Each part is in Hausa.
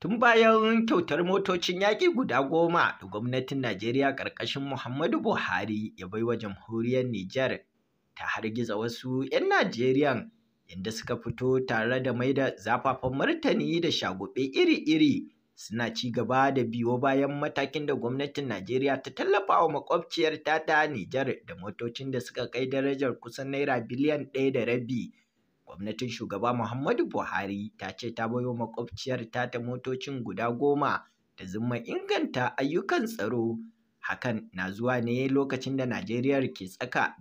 tun bayan kyautar motocin yaƙi guda goma da gwamnatin Najeriya ƙarƙashin Muhammadu Buhari ya bai wa jamhuriyar Nijar ta hargiza wasu 'yan Najeriyan inda suka fito tare da mai da zafafan martani da shagube iri-iri suna ci gaba da biyo bayan matakin da gwamnatin Najeriya ta tallafa wa makwabciyar ta ta Nijar da motocin da suka kai darajar kusan naira biliyan ɗaya da rabi gwamnatin shugaba Muhammadu Buhari ta ce ta baiwa makwabciyar ta motocin guda goma da zuma inganta ayyukan tsaro hakan na zuwa ne lokacin da Najeriya ke tsaka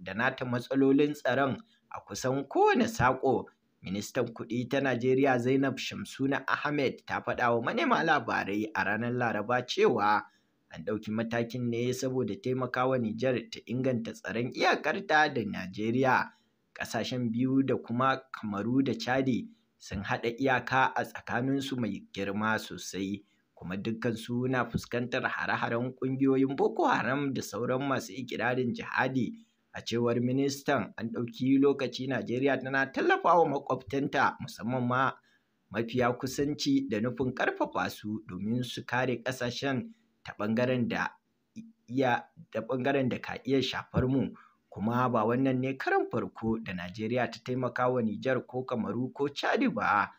da nata matsalolin tsaron a kusan kowane saƙo ministan kuɗi ta Najeriya Zainab Shamsuna Ahmed ta faɗa wa manema labarai a ranar Laraba cewa an ɗauki matakin ne saboda taimakawa Nijar ta inganta tsaron iyakarta da Najeriya. ƙasashen biyu da kuma kamaru da chadi sun haɗa iyaka a tsakaninsu mai girma sosai kuma dukkansu na fuskantar hare-haren ƙungiyoyin boko haram da sauran masu ikirarin jihadi a cewar ministan an ɗauki lokaci najeriya tana tallafawa makwabtanta musamman ma mafiya kusanci da nufin ƙarfafa su domin su kare ƙasashen ta ɓangaren da ɓangaren da ka iya shafar mu kuma ba wannan ne karan farko da Najeriya ta taimaka wa Nijar ko Kamaru ko Chadi ba.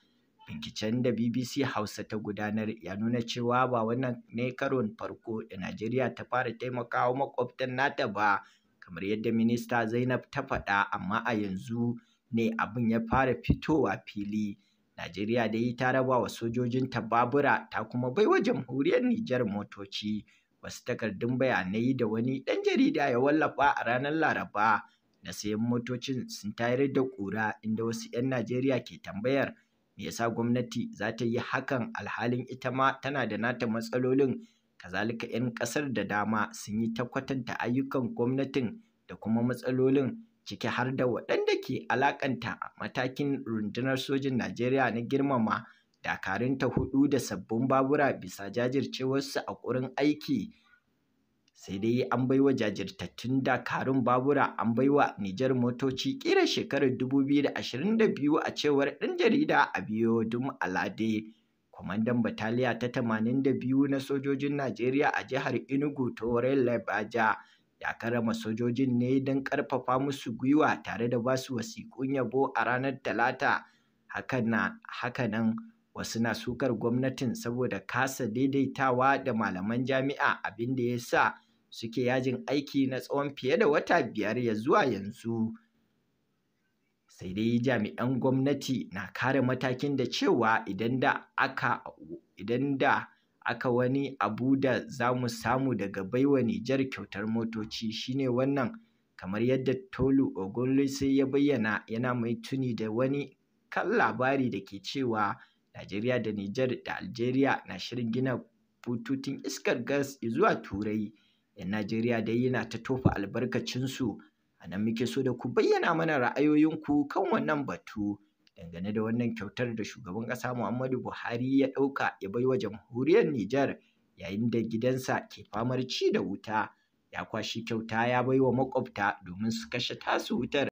Binciken da BBC Hausa ta gudanar ya nuna cewa ba wannan ne karon farko da Najeriya ta fara taimakawa makwabtan nata ba, kamar yadda Minista Zainab ta faɗa amma a yanzu ne abin ya fara fitowa fili. Najeriya dai ta raba wa sojojinta babura ta kuma baiwa jamhuriyar Nijar motoci. wasu takardun bayanai da wani ɗan jarida ya wallafa a ranar Laraba na sayan motocin sun tayar da ƙura inda wasu 'yan Najeriya ke tambayar me yasa gwamnati za ta yi hakan alhalin ita ma tana da nata matsalolin kazalika 'yan ƙasar da dama sun yi ta kwatanta ayyukan gwamnatin da kuma matsalolin ciki har da waɗanda ke alakanta matakin rundunar sojin Najeriya na girmama dakarunta hudu da sabbin babura bisa jajircewarsu a ƙurin aiki sai dai an bai wa jajirtattun dakarun babura an bai wa Nijar motoci ƙira shekarar 2022 a cewar ɗan jarida a biyo dum alade kwamandan bataliya ta 82 na sojojin najeriya a jihar inugu tore labaja ya karama sojojin ne don ƙarfafa musu gwiwa tare da basu wasiƙun yabo a ranar talata hakanan wasu na sukar gwamnatin saboda kasa daidaitawa da malaman jami'a abin da ya sa suke yajin aiki na tsawon fiye da wata biyar ya zuwa yanzu sai dai jami'an gwamnati na kare matakin da cewa idan da aka wani abu da za mu samu daga baiwa Nijar kyautar motoci shine wannan kamar yadda Tolu sai ya bayyana yana mai tuni da wani kan labari da ke cewa Najeriya da Nijar da Algeria na shirin gina bututun iskar gas zuwa Turai. 'Yan Najeriya dai yana ta tofa albarkacinsu. A nan muke so da ku bayyana mana ra'ayoyinku kan wannan batu dangane da wannan kyautar da shugaban ƙasa Muhammadu Buhari ya ɗauka ya bai wa jamhuriyar Nijar yayin da gidansa ke famar ci da wuta. Ya kwashi kyauta ya bai wa maƙwabta domin su kashe tasu wutar.